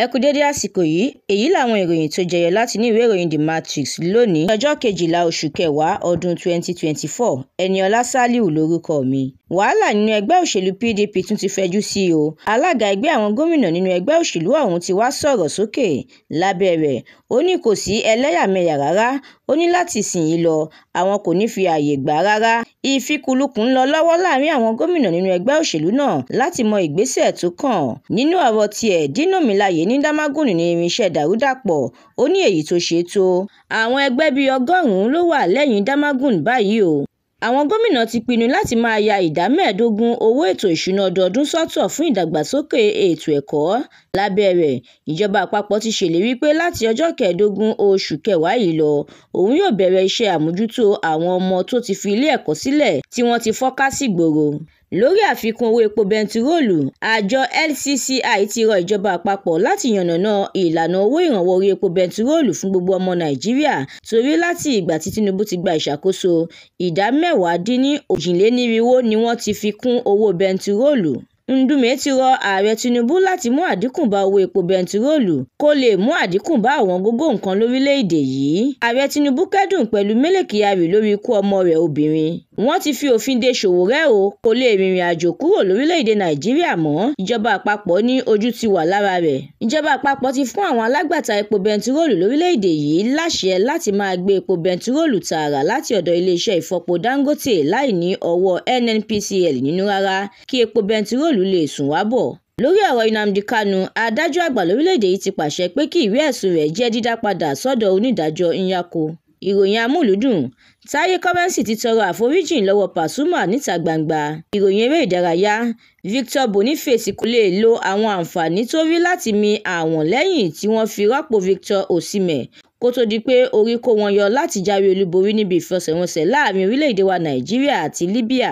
Ẹ kú dédé àsìkò yìí, èyí làwọn ìròyìn tó jẹyọ látinú ìwé ìròyìn The Matrix lónìí ọjọ́ kejìlá oṣù kẹwàá ọdún 2024 Eniola Salihu lorúkọ mi. Wàhálà nínú ẹgbẹ́ òṣèlú PDP tún ti fẹjú sí o, alága ẹgbẹ́ àwọn gómìnà nínú ẹgbẹ́ òṣèlú ọ̀hún ti wá sọ̀rọ̀ sókè lábẹ́ rẹ̀, ó ní kò sí ẹlẹ́yàmẹyà rárá, ó ní láti ìsinyìí lọ àwọn kò ní fi ààyè gbà á rárá ìfikùnlukùn ń lọ lọ́wọ́ láàrin àwọn gómìnà nínú ẹgbẹ́ òṣèlú náà láti mọ ìgbésẹ̀ tó kàn nínú ọ̀rọ̀ tiẹ̀ dino milaye ní damagùn ní irinṣẹ́ dàrúdàpọ̀ ó ní èyí tó ṣeé tó àwọn ẹgbẹ́ bíi ọgọ́rùn-ún ló wà lẹ́yìn damagùn báyìí o àwọn gómìnà ti pinnu láti máa ya ìdá mẹ́ẹ̀ẹ́dógún owó ètò ìṣúná ọdọọdún sọ́tọ̀ fún ìdàgbàsókè ètò ẹ̀kọ́ lábẹ́ rẹ̀ ìjọba àpapọ̀ ti ṣèlérí pé láti ọjọ́ kẹẹ̀ẹ́dógún oṣù kẹwàá yìí lọ òun yóò bẹ̀rẹ̀ iṣẹ́ àmójútó àwọn ọmọ tó ti fi ilé ẹ̀kọ́ sílẹ̀ tí wọ́n ti fọ́nká sígboro lórí àfikún owó epo bẹntiróòlù àjọ lcci ti rọ ìjọba àpapọ̀ láti yànnàná ìlànà owó ìrànwọ́ orí epo bẹntiróòlù fún gbogbo ọmọ nàìjíríà torí láti ìgbà tí tinubu ti gba ìṣàkóso ìdá mẹ́wàá dín ní òjì ni wọ́n ti fi kún owó bẹntiróòlù. Ndume ti rọ Ààrẹ Tinubu láti mú àdínkù bá owó epo bẹntiróòlù kó lè mú àdínkù bá ọ̀wọ́ngógó nǹkan lórílẹ̀-èdè yìí. Ààrẹ Tinubu kẹ́dùn pẹ̀lú Mele Kyari lórí ikú ọmọ rẹ̀ obìnrin. Wọ́n ti fi òfin de Sowore o, kó lè rìnrìn àjò kúrò lórílẹ̀-èdè Nàìjíríà mọ́. Ìjọba àpapọ̀ ní ojú ti wà lára rẹ̀. Ìjọba àpapọ̀ ti fún àwọn alágbàtà epo bẹntiróòlù lórílẹ̀-èdè yìí láṣẹ láti máa gbé epo bẹntiróòlù tààrà láti ọ̀dọ̀ ilé ìfọpo Dangote láì ní ọwọ́ NNPCL nínú rárá, kí epo bẹntiróòlù ìlú lè sùn wá bọ̀ lórí ọ̀rọ̀ nnamdi kanu adájọ́ àgbà lórílẹ̀‐èdè yìí ti pàṣẹ pé kí ìwé ẹ̀sùn rẹ̀ jẹ́ dídá padà sọ́dọ̀ onídàájọ́ nyako ìròyìn amúlùúdùn táyé kọ́mẹ́ǹsì ti tọrọ àforíjìn lọ́wọ́ pasuma níta gbangba ìròyìn eré ìdárayá victor boniface kò lè lo àwọn àǹfààní tó rí láti mi àwọn lẹ́yìn tí wọ́n fi rọ́pò victor osimhen kó tó di pé orí kó wọn yọ láti jáwé olúborí níbi ìfẹsẹ̀wọnsẹ̀ láàrin orílẹ̀-èdè wa nàìjíríà àti libya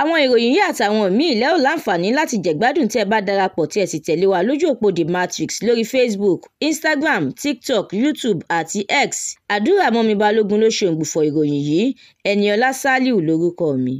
àwọn ìròyìn yìí àtàwọn míì lẹ́ ò láǹfààní láti jẹ̀gbádùn tẹ́ ẹ bá darapọ̀ tí ẹ sì tẹ̀lé wa lójú òpó The Matrix lórí Facebook Instagram TikTok YouTube àti X àdúrà mọ́mi balógun ló ṣòǹgbù fọ ìròyìn yìí Ẹniọlá Sálíù lórúkọ mi.